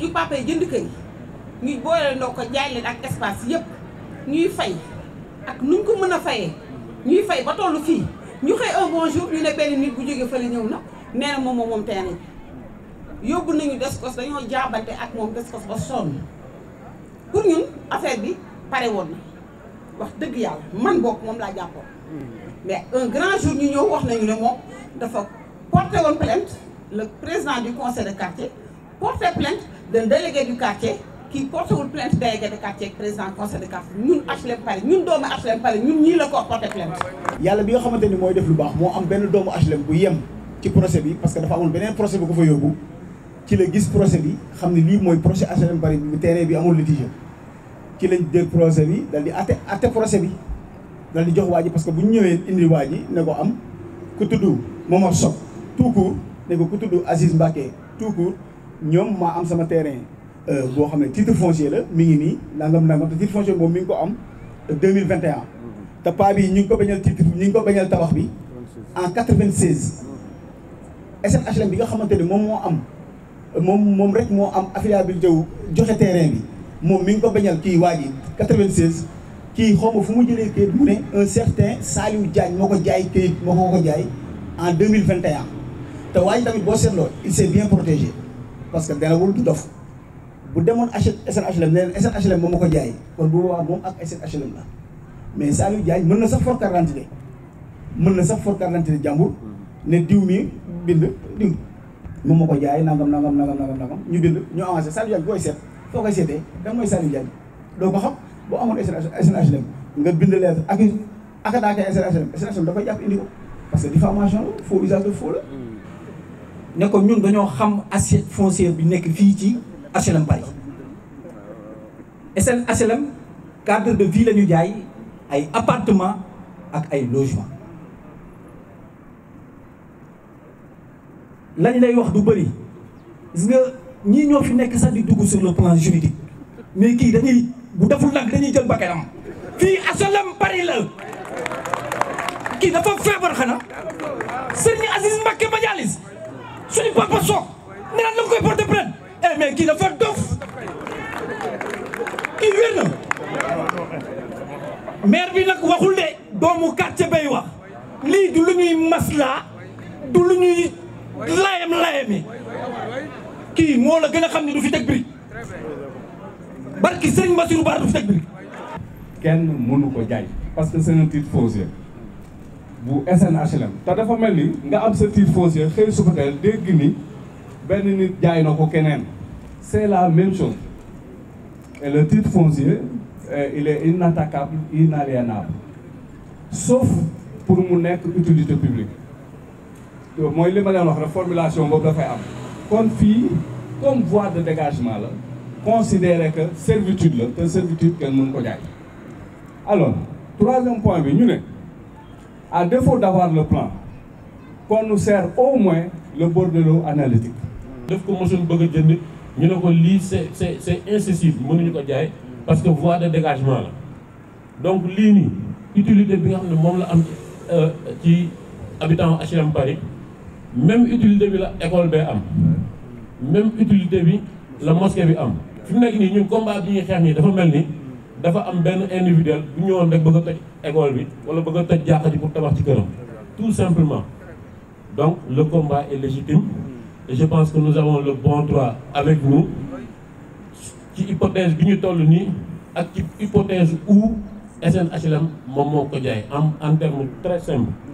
suñu papa yi jënd kër yi ko jaay leen ak espace yëpp ñuy fay ak nuñ ko mën a fayee ñuy fay ba tollu fii ñu xëy un bon jour ñu ne benn nit bu jógee fële ñëw na nee na moom moom terrain yóbbu nañu descos dañoo jaabante ak moom descos ba sonn pour ñun affaire bi pare woon na wax dëgg yàlla man bokk moom laa jàppoon. mais un grand jour ñu ñëw wax nañu ne moom dafa porté woon plainte président du conseil de quartier. porter plainte d'un délégué du quartier qui portewul plainte délégué de quartier ak président conseil de quartier ñun HLM Paris ñun doomu HLM Paris ñun ñii la ko porter plainte yàlla bi nga xamante ni mooy def lu baax moo am benn doomu HLM bu yem ci procès bi parce que dafa amul beneen procès bu ko fa yóbbu ci la gis procès bi xam ni lii mooy procès HLM Paris bi terrain bi amul litige ci lañ jël procès bi dal di atte atte bi dal di jox waa ji parce que bu ñu ñëwee indi waa ji ne ko am ku tudd Momar Sock tout court ne ko ku tudd Aziz Mbacké tout court ñoom maa am sama terrain euh, boo xam ne titre foncier la mi ngi nii nangam nangam te titre foncier moom mi ngi ko am 2021 euh, mm-hmm. te paa bi ñu ngi ko bañal titre ñu ngi ko bañal tabax bi en 96 mm-hmm. SNHLM bi nga xamante ne moom moo am moom moom rek moo am affiliabilité wu joxe terrain bi moom mi ngi ko bañal kii waa ji 96 kii xaw ma fu mu jëlee kayit mu ne un certain Saliou Diagne moo ko jaay kayit moo ko ko jaay en 2021 te waa ji tamit boo seetloo il s'est bien protégé parce que nelawul du dof bu demoon H SNHLM nee na SNHLM moom ma ko jaay kon bu boobaa moom ak SNHLM la mais Saliou Diagne mën na sax for carte d'identité mën na sax for carte d'identité jàmbur ne diw mi bind diw moom ma ko jaay nangam nangam nangam nangam nangam ñu bind ñu avancé Saliou Diagne booy seet foo koy seetee kan mooy Saliou Diagne doo ko xam boo amoon SNHLM nga bind lettre ak ak daaka SNHLM SNHLM da koy jàpp indi ko parce que diffamation la faux usage de faux la hmm. ne ko ñun dañoo xam assiette foncière bi nekk fii ci HLM Paris SN HLM cadre de vie lañuy jaay ay appartement ak ay logement lañ lay wax du bëri si nga ñii ñoo fi nekk sax di dugg sur le plan juridique mais kii dañuy bu deful nag dañuy jël bakkanam fii HLM Paris la kii dafa feebar xanaa suñu papa soog nee naa la koy porter plainte eh mais kii dafa dof kii wér na maire bi nag waxul de doomu quartier bay wax lii du lu ñuy maslaa du lu ñuy layam layame kii moo la gën a xam ni du fi teg brique barki Serigne Bassirou Bara du fi teg brique. kenn mënu ko jaay parce que c'est un titre foncier. bu SNHLM te dafa mel ni nga am sa titre foncier xëy suba dégg ni benn nit jaay na ko keneen c'est la même chose et le titre foncier euh, il est inattaquable inaliénable sauf pour mu nekk utilité publique mooy li ma leen wax rek formulation boobu dafay am kon fii comme voie de dégagement la considérer que servitude la te servitude kenn mënu ko jaay alors troisième point bi ñu ne à défaut d'avoir le plan qu'on nous sert au moins le bordelot analytique def ko mosul bëgg a jënd ñu ne ko lii c'est c'est c'est incessible mënuñu ko jaay parce que voie de dégagement la donc lii nii utilité bi nga xam ne moom la am euh, ci habitant HLM Paris même utilité bi la école bee am même utilité bi la mosquée bi am fi mu nekk nii ñun combat bi ñuy xeex nii dafa mel ni dafa am benn individuel bu ñëwoon rek bëgg a toj école bi wala bëgg a toj jàkka ji pour tabax ci këram tout simplement donc le combat est légitime je pense que nous avons le bon droit avec nous ci hypothèse bi ñu toll nii ak ci hypothèse où SNHLM moom moo ko jaay en en terme très simple